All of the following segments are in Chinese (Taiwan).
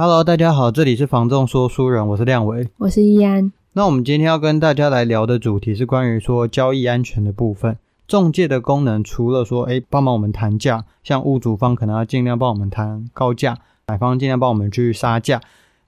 Hello，大家好，這裡是房仲說書人，我是亮偉，我是易安。那我們今天要跟大家來聊的主題是關於說交易安全的部分。仲介的功能除了說，誒、哎、幫忙我們談價，像屋主方可能要盡量幫我們談高價，買方盡量幫我們去殺價。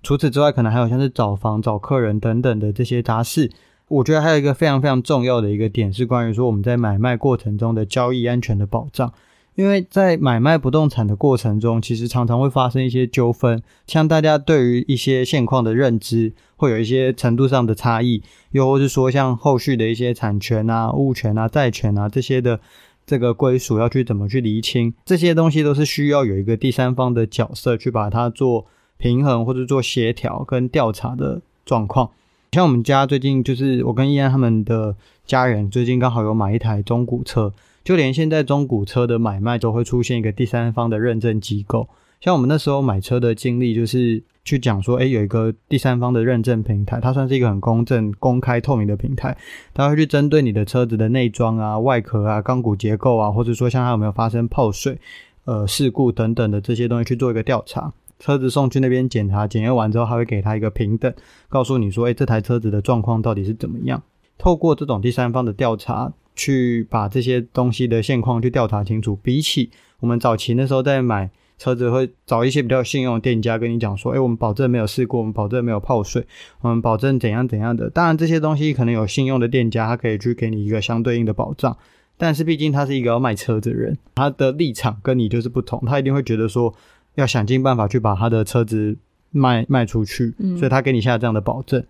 除此之外，可能還有像是找房、找客人等等的這些雜事。我覺得還有一個非常非常重要的一個點是關於說我們在買賣過程中的交易安全的保障。因為在買賣不動產的過程中，其實常常會發生一些糾紛，像大家對於一些現況的認知會有一些程度上的差異，又或是說像後續的一些產權啊、物權啊、債權啊這些的這個歸屬要去怎麼去釐清，這些東西都是需要有一個第三方的角色去把它做平衡或者做協調跟調查的狀況。像我們家最近就是我跟依安他們的家人最近剛好有買一台中古車。就連現在中古車的買賣都會出現一個第三方的認證機構，像我們那時候買車的經歷，就是去講說，哎、欸，有一個第三方的認證平台，它算是一個很公正、公開、透明的平台，它會去針對你的車子的內裝啊、外殼啊、鋼骨結構啊，或者說像它有沒有發生泡水、呃事故等等的這些東西去做一個調查，車子送去那邊檢查、檢驗完之後，還會給他一個評等，告訴你說，哎、欸，這台車子的狀況到底是怎麼樣。透過這種第三方的調查，去把這些東西的現況去調查清楚。比起我們早期那時候在買車子，會找一些比較信用的店家跟你講說：“誒、欸，我們保證沒有事故，我們保證沒有泡水，我們保證怎樣怎樣的。”當然，這些東西可能有信用的店家，他可以去給你一個相對應的保障。但是，畢竟他是一個要賣車子的人，他的立場跟你就是不同，他一定會覺得說，要想盡辦法去把他的車子賣賣出去、嗯，所以他給你下這樣的保證。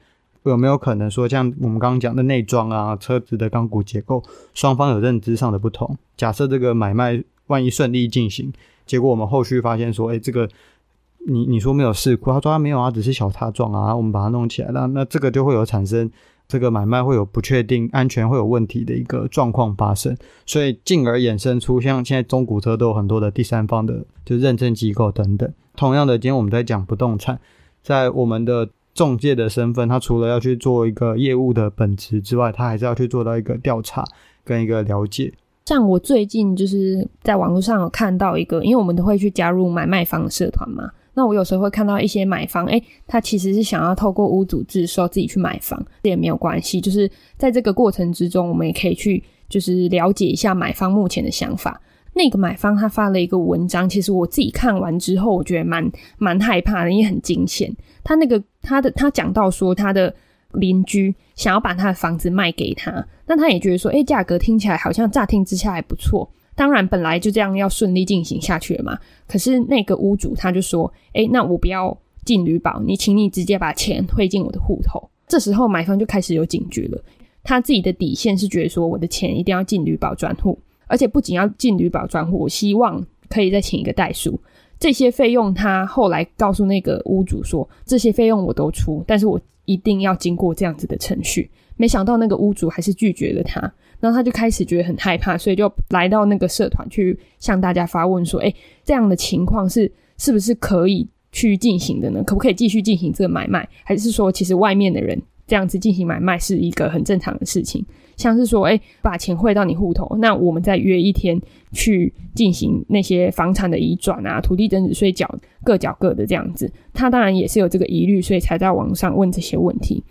有沒有可能說，像我們剛剛講的內裝啊，車子的鋼骨結構，雙方有認知上的不同？假設這個買賣萬一順利進行，結果我們後續發現說，哎，這個你你說沒有事故，他說他沒有啊，只是小擦撞啊，我們把它弄起來了，那這個就會有產生這個買賣會有不確定、安全會有問題的一個狀況發生，所以進而衍生出像現在中古車都有很多的第三方的，就是認證機構等等。同樣的，今天我們在講不動產，在我們的。中介的身份，他除了要去做一個業務的本質之外，他還是要去做到一個調查跟一個了解。像我最近就是在網絡上有看到一個，因為我們都會去加入買賣房的社團嘛。那我有時候會看到一些買方，哎、欸，他其實是想要透過屋主自售自己去買房，這也沒有關係。就是在這個過程之中，我們也可以去就是了解一下買方目前的想法。那個買方他發了一個文章，其實我自己看完之後，我覺得蠻蠻害怕的，因為很驚險。他那個他的他講到說，他的鄰居想要把他的房子賣給他，那他也覺得說，誒、欸、價格聽起來好像乍聽之下還不錯。當然，本來就這樣要順利進行下去了嘛。可是那個屋主他就說，誒、欸、那我不要進履保，你請你直接把錢匯進我的戶頭。這時候買方就開始有警覺了，他自己的底線是覺得說，我的錢一定要進履保專戶。而且不僅要進履保專戶，我希望可以再請一個代書。這些費用他後來告訴那個屋主說，這些費用我都出，但是我一定要經過這樣子的程序。沒想到那個屋主還是拒絕了他，然後他就開始覺得很害怕，所以就來到那個社團去向大家發問說：“哎，這樣的情況是是不是可以去進行的呢？可不可以繼續進行這個買賣？還是說，其實外面的人這樣子進行買賣是一個很正常的事情？”像是說，哎、欸，把錢匯到你戶頭，那我們再約一天去進行那些房產的移轉啊，土地增值稅繳各繳各的這樣子。他當然也是有這個疑慮，所以才在網上問這些問題。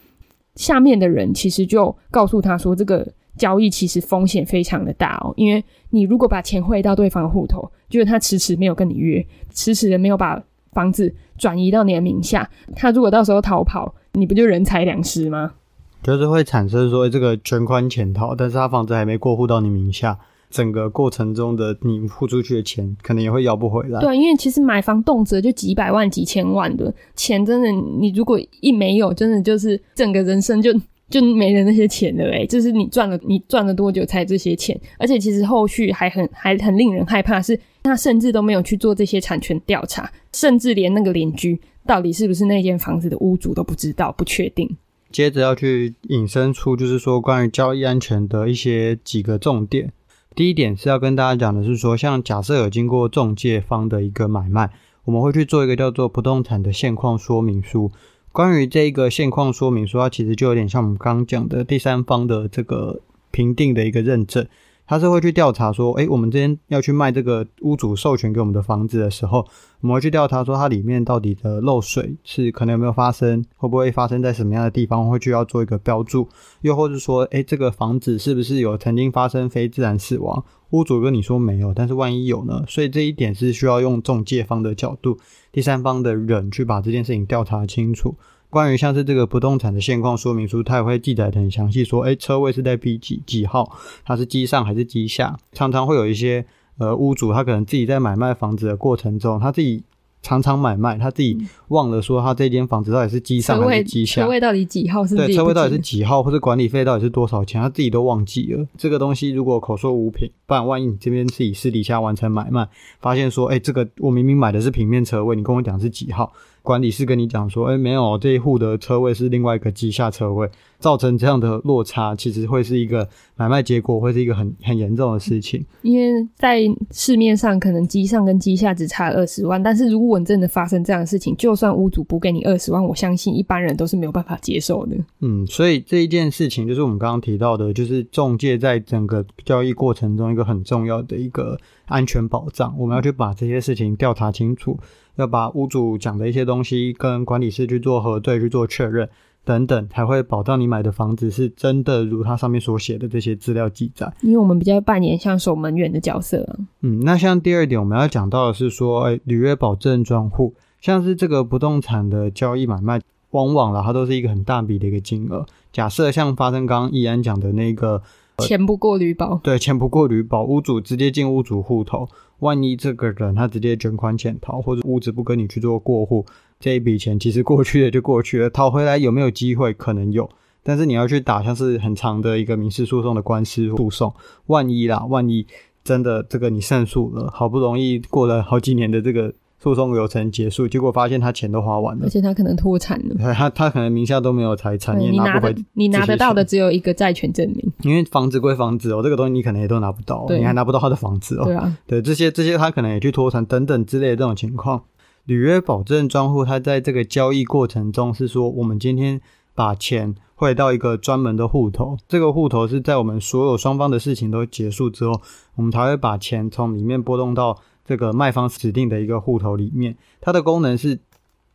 下面的人其實就告訴他說，這個交易其實風險非常的大哦，因為你如果把錢匯到對方的戶頭，就是他遲遲沒有跟你約，遲遲的沒有把房子轉移到你的名下，他如果到時候逃跑，你不就人財兩失嗎？就是會產生說，這個全款潛逃，但是他房子還沒過戶到你名下，整個過程中的你付出去的錢，可能也會要不回來。對，因為其實買房動輒就幾百萬、幾千萬的錢，真的，你如果一沒有，真的就是整個人生就就沒了那些錢了、欸。誒就是你賺了，你賺了多久才這些錢？而且其實後續還很還很令人害怕是，是他甚至都沒有去做這些產權調查，甚至連那個鄰居到底是不是那間房子的屋主都不知道，不確定。接着要去引申出，就是說關於交易安全的一些幾個重點。第一點是要跟大家講的，是說像假設有經過仲介方的一個買賣，我們會去做一個叫做不動產的現況說明書。關於這個現況說明書，它其實就有點像我們剛講的第三方的這個評定的一個認證。他是會去調查說，哎、欸，我們今天要去賣這個屋主授權給我們的房子的時候，我們會去調查說它裡面到底的漏水是可能有沒有發生，會不會發生在什麼樣的地方，會去要做一個標註，又或者說，哎、欸，這個房子是不是有曾經發生非自然死亡？屋主跟你說沒有，但是萬一有呢？所以這一點是需要用仲介方的角度，第三方的人去把這件事情調查清楚。關於像是這個不動產的現況說明書，它也會記載得很詳細，說，誒、欸、車位是在 B 幾幾號，它是機上還是機下？常常會有一些呃屋主，他可能自己在買賣房子的過程中，他自己常常買賣，他自己忘了說，他這間房子到底是機上還是機下、嗯車？車位到底幾號是？對，車位到底是幾號，或者管理費到底是多少錢？他自己都忘記了。這個東西如果口說無憑，不然萬一你這邊自己私底下完成買賣，發現說，哎、欸，這個我明明買的是平面車位，你跟我講是幾號？管理室跟你講說，哎，沒有，這一戶的車位是另外一個地下車位。造成這樣的落差，其實會是一個買賣結果，會是一個很很嚴重的事情。因為在市面上，可能機上跟機下只差二十萬，但是如果真的發生這樣的事情，就算屋主補給你二十萬，我相信一般人都是沒有辦法接受的。嗯，所以這一件事情就是我們剛剛提到的，就是仲介在整個交易過程中一個很重要的一個安全保障，我們要去把這些事情調查清楚，要把屋主講的一些東西跟管理師去做核對，去做確認。等等，才會保障你買的房子是真的，如它上面所寫的這些資料記載。因為我們比較扮演像守門員的角色、啊、嗯，那像第二點我們要講到的是說，哎，履約保證專戶，像是這個不動產的交易買賣，往往啦，它都是一個很大筆的一個金額。假設像發生剛剛易安講的那個、呃、錢不過履保，對，錢不過履保，屋主直接進屋主戶頭，萬一這個人他直接卷款潛逃，或者屋主不跟你去做過戶。這一筆錢其實過去了就過去了，討回來有沒有機會？可能有，但是你要去打像是很長的一個民事訴訟的官司訴訟，萬一啦，萬一真的這個你勝訴了，好不容易過了好幾年的這個訴訟流程結束，結果發現他錢都花完了，而且他可能脫產了，他他可能名下都沒有財產，嗯、你也拿不回，你拿得到的只有一個債權證明，因為房子歸房子哦，這個東西你可能也都拿不到、哦對，你還拿不到他的房子哦，對啊，對這些這些他可能也去脫產等等之類的這種情況。履約保證專戶，它在這個交易過程中是說，我們今天把錢匯到一個專門的戶頭，這個戶頭是在我們所有雙方的事情都結束之後，我們才會把錢從裡面撥動到這個賣方指定的一個戶頭裡面。它的功能是，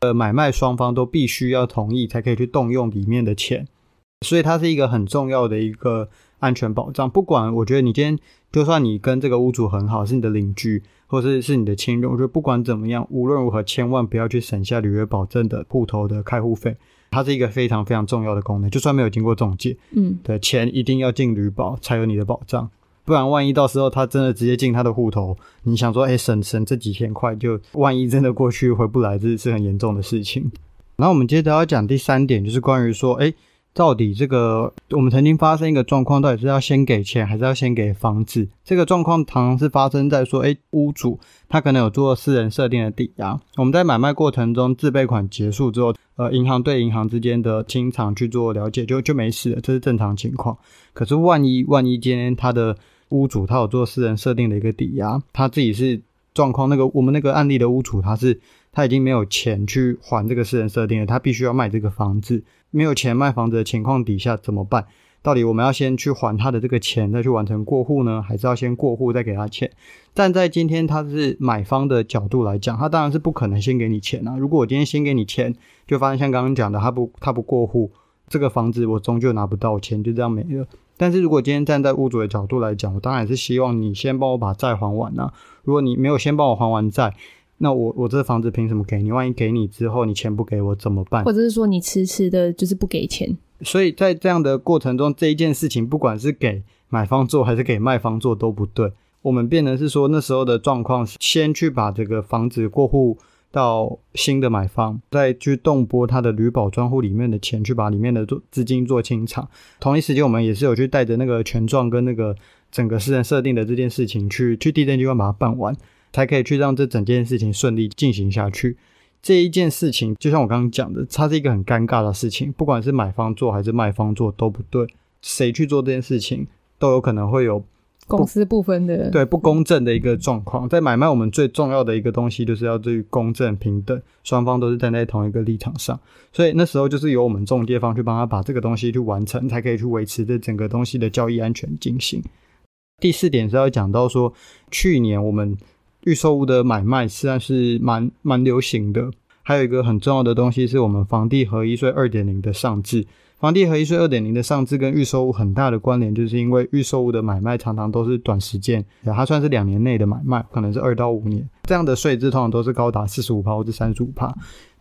呃，買賣雙方都必須要同意才可以去動用裡面的錢，所以它是一個很重要的一個安全保障。不管我覺得你今天就算你跟這個屋主很好，是你的鄰居。或者是是你的親人，我覺得不管怎麼樣，無論如何，千萬不要去省下履約保證的戶頭的開戶費，它是一個非常非常重要的功能。就算沒有經過仲介，嗯，對，錢一定要進履保才有你的保障，不然萬一到時候他真的直接進他的戶頭，你想說誒、欸、省省這幾千塊，就萬一真的過去回不來，這是很嚴重的事情。然後我們接着要講第三點，就是關於說誒、欸到底這個，我們曾經發生一個狀況，到底是要先給錢還是要先給房子？這個狀況常常是發生在說，誒，屋主他可能有做私人設定的抵押，我們在買賣過程中自備款結束之後，呃，銀行對銀行之間的清償去做了解，就就沒事了，這是正常情況。可是萬一萬一今天他的屋主他有做私人設定的一個抵押，他自己是狀況那個我們那個案例的屋主他是。他已經沒有錢去還這個私人設定了，他必須要賣這個房子，沒有錢賣房子的情況底下怎麼辦？到底我們要先去還他的這個錢，再去完成過戶呢，還是要先過戶再給他錢？但在今天，他是買方的角度來講，他當然是不可能先給你錢啊。如果我今天先給你錢，就發現像剛剛講的，他不他不過戶，這個房子我終究拿不到錢，就這樣沒了。但是如果今天站在屋主的角度來講，我當然是希望你先幫我把債還完啊。如果你沒有先幫我還完債，那我我這房子憑什麼給你？萬一給你之後，你錢不給我怎麼辦？或者是說你遲遲的，就是不給錢？所以在這樣的過程中，這一件事情不管是給買方做還是給賣方做都不對。我們變成是說，那時候的狀況是先去把這個房子過戶到新的買方，再去動撥他的履保專戶裡面的錢，去把裡面的做資金做清場。同一時間，我們也是有去帶着那個權狀跟那個整個私人設定的這件事情去去地政機關把它辦完。才可以去讓這整件事情順利進行下去。這一件事情，就像我剛剛講的，它是一個很尷尬的事情，不管是買方做還是賣方做都不對，誰去做這件事情都有可能會有公私不分的對不公正的一個狀況。在買賣我們最重要的一個東西，就是要對於公正平等，雙方都是站在同一個立場上。所以那時候就是由我們仲介方去幫他把這個東西去完成，才可以去維持這整個東西的交易安全進行。第四點是要講到說，去年我們。預售屋的買賣實際上是蠻蠻流行的，還有一個很重要的東西是我們房地合一稅二點零的上制，房地合一稅二點零的上制跟預售屋很大的關聯，就是因為預售屋的買賣常常都是短時間，它算是兩年內的買賣，可能是二到五年這樣的稅制，通常都是高達四十五趴或者三十五趴，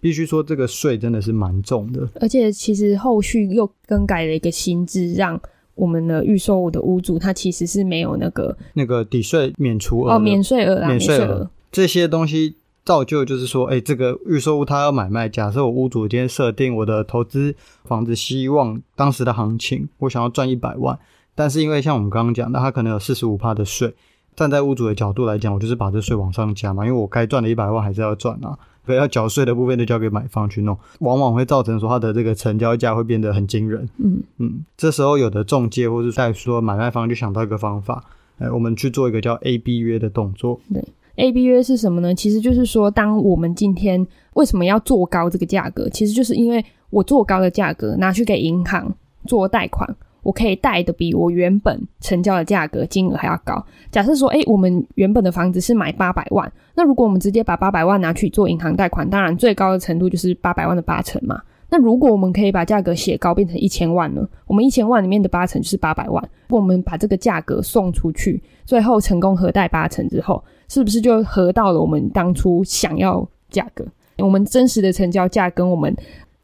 必須說這個稅真的是蠻重的，而且其實後續又更改了一個新制讓。我們的預售屋的屋主，他其實是沒有那個那個抵稅免除額哦，免稅額免稅額，免稅額這些東西造就就是說，誒、欸、這個預售屋他要買賣，假設我屋主今天設定我的投資房子，希望當時的行情我想要賺一百萬，但是因為像我們剛剛講的，他可能有四十五趴的稅。站在屋主的角度來講，我就是把這稅往上加嘛，因為我該賺的一百萬還是要賺啊，所以要繳稅的部分就交給買方去弄，往往會造成說他的這個成交價會變得很驚人。嗯嗯，這時候有的仲介或是在說買賣方就想到一個方法，哎，我們去做一個叫 AB 約的動作。對，AB 約是什麼呢？其實就是說，當我們今天為什麼要做高這個價格，其實就是因為我做高的價格拿去給銀行做貸款。我可以貸的比我原本成交的價格金額還要高。假設說，誒、欸，我們原本的房子是買八百萬，那如果我們直接把八百萬拿去做銀行貸款，當然最高的程度就是八百萬的八成嘛。那如果我們可以把價格寫高，變成一千萬呢？我們一千萬裡面的八成就是八百萬。如果我們把這個價格送出去，最後成功核貸八成之後，是不是就核到了我們當初想要價格？我們真實的成交價跟我們。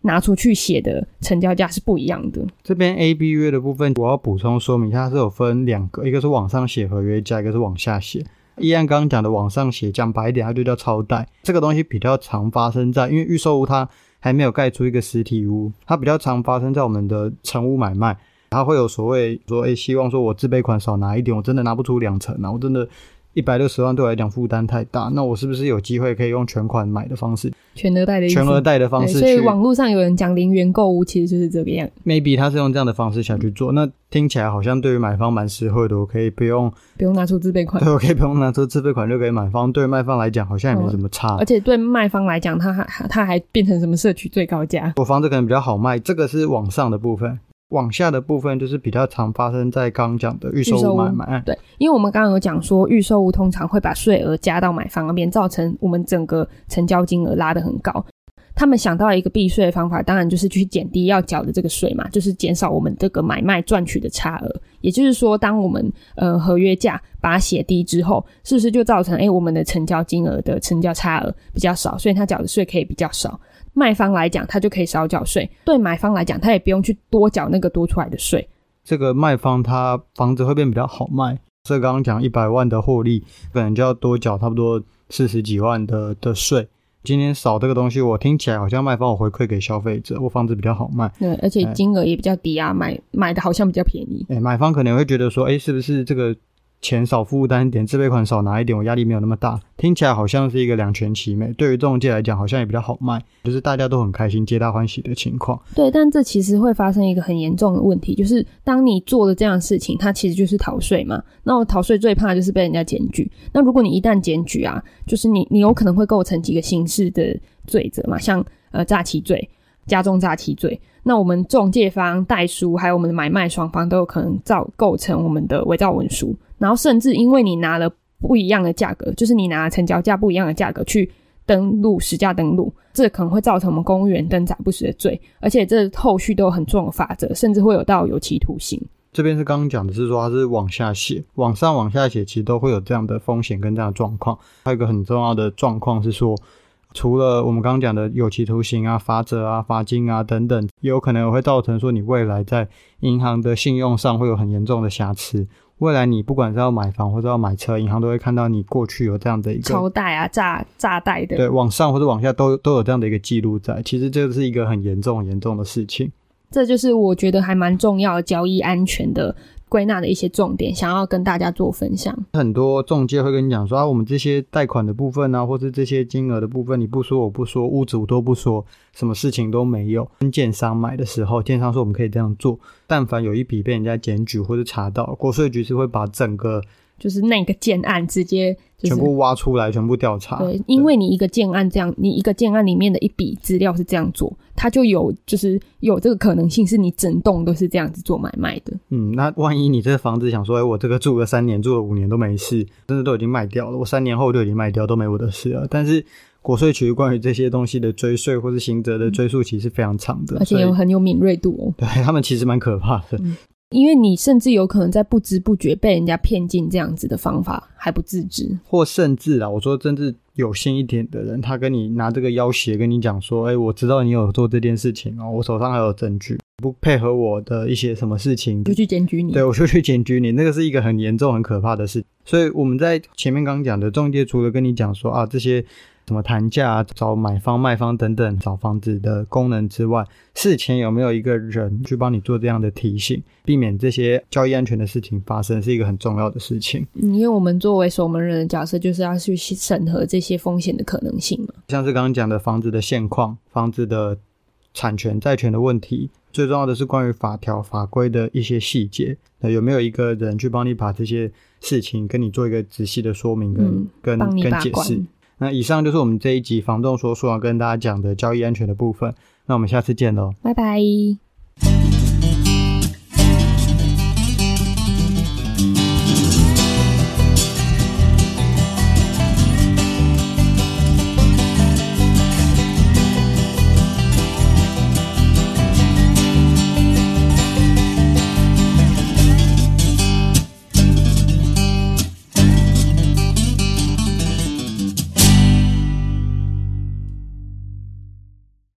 拿出去寫的成交價是不一樣的。這邊 A、B 約的部分，我要補充說明一下，它是有分兩個，一個是往上寫合約價，一個是往下寫。依案剛剛講的往上寫，講白一點，它就叫超貸。這個東西比較常發生在，因為預售屋它還沒有蓋出一個實體屋，它比較常發生在我們的成屋買賣，它會有所謂說，誒、欸、希望說我自備款少拿一點，我真的拿不出兩成、啊，然後真的。一百六十萬對我來講負擔太大，那我是不是有機會可以用全款買的方式？全額貸的，全額貸的方式。所以網絡上有人講零元購物，其實就是這個樣。Maybe 他是用這樣的方式想去做、嗯，那聽起來好像對於買方蠻實惠的，我可以不用不用拿出自備款，對，我可以不用拿出自備款就可以買房。對於賣方來講，好像也沒什麼差、啊嗯。而且對賣方來講，他還他還變成什麼社區最高價？我房子可能比較好賣，這個是網上的部分。往下的部分就是比較常發生在剛剛講的預售屋買賣案，對，因為我們剛剛有講說預售屋通常會把稅額加到買方那邊，造成我們整個成交金額拉得很高。他們想到一個避稅的方法，當然就是去減低要繳的這個稅嘛，就是減少我們這個買賣賺取的差額。也就是說，當我們呃合約價把它寫低之後，是不是就造成誒、欸、我們的成交金額的成交差額比較少，所以他繳的稅可以比較少。賣方來講，他就可以少繳稅；對買方來講，他也不用去多繳那個多出來的稅。這個賣方他房子會變比較好賣。這剛剛講一百萬的獲利，可能就要多繳差不多四十幾萬的的稅。今天少這個東西，我聽起來好像賣方有回饋給消費者，我房子比較好賣。對，而且金額也比較低啊，欸、買買的好像比較便宜。哎、欸，買方可能會覺得說，哎、欸，是不是這個？錢少負擔一點，自備款少拿一點，我壓力沒有那麼大。聽起來好像是一個兩全其美，對於仲介來講好像也比較好賣，就是大家都很開心、皆大歡喜的情況。對，但這其實會發生一個很嚴重的問題，就是當你做了這樣的事情，它其實就是逃稅嘛。那我逃稅最怕就是被人家檢舉。那如果你一旦檢舉啊，就是你你有可能會構成幾個刑事的罪責嘛，像呃詐欺罪、加重詐欺罪。那我們仲介方、代書，還有我們的買賣雙方都有可能造構成我們的偽造文書。然後甚至因為你拿了不一樣的價格，就是你拿成交價不一樣的價格去登錄實價登錄，這可能會造成我們公務員登載不實的罪，而且這後續都有很重的罰則，甚至會有到有期徒刑。這邊是剛剛講的是說，它是往下寫，往上往下寫，其實都會有這樣的風險跟這樣的狀況。還有一個很重要的狀況是說，除了我們剛剛講的有期徒刑啊、罰則啊、罰金啊等等，有可能會造成說你未來在銀行的信用上會有很嚴重的瑕疵。未來你不管是要買房或者要買車，銀行都會看到你過去有這樣的一個超貸啊、詐詐貸的，對，往上或者往下都都有這樣的一個記錄在。其實這是一個很嚴重、很嚴重的事情。這就是我覺得還蠻重要的交易安全的歸納的一些重點，想要跟大家做分享。很多仲介會跟你講說啊，我們這些貸款的部分啊，或是這些金額的部分，你不說我不說，屋主都不說，什麼事情都沒有。跟建商買的時候，建商說我們可以這樣做，但凡有一筆被人家檢舉或是查到，國稅局是會把整個就是那個建案直接。全部挖出來，就是、全部調查。對。對，因為你一個建案這樣，你一個建案裡面的一筆資料是這樣做，它就有就是有這個可能性，是你整棟都是這樣子做買賣的。嗯，那萬一你這個房子，想說、欸，我這個住了三年，住了五年都沒事，甚至都已經賣掉了，我三年後就已經賣掉都沒我的事了。但是國稅局關於這些東西的追稅或是刑責的追溯期是非常長的，而且有很有敏銳度哦。對，他們其實蠻可怕的。嗯因為你甚至有可能在不知不覺被人家騙進這樣子的方法，還不自知，或甚至啊，我說真的有心一點的人，他跟你拿這個要挾，跟你講說，誒，我知道你有做這件事情喔，我手上還有證據，不配合我的一些什麼事情，就去檢舉你，對我就去檢舉你，那個是一個很嚴重、很可怕的事。所以我們在前面剛剛講的仲介，除了跟你講說啊這些。什麼談價、找買方、賣方等等，找房子的功能之外，事前有沒有一個人去幫你做這樣的提醒，避免這些交易安全的事情發生，是一個很重要的事情。嗯，因為我們作為守門人的角色，就是要去審核這些風險的可能性嘛。像是剛剛講的房子的現況、房子的產權、債權的問題，最重要的是關於法條法規的一些細節，那有沒有一個人去幫你把這些事情跟你做一個仔細的說明跟跟、嗯、跟解釋？那以上就是我們這一集房仲說書人要跟大家講的交易安全的部分。那我們下次見嘍，拜拜。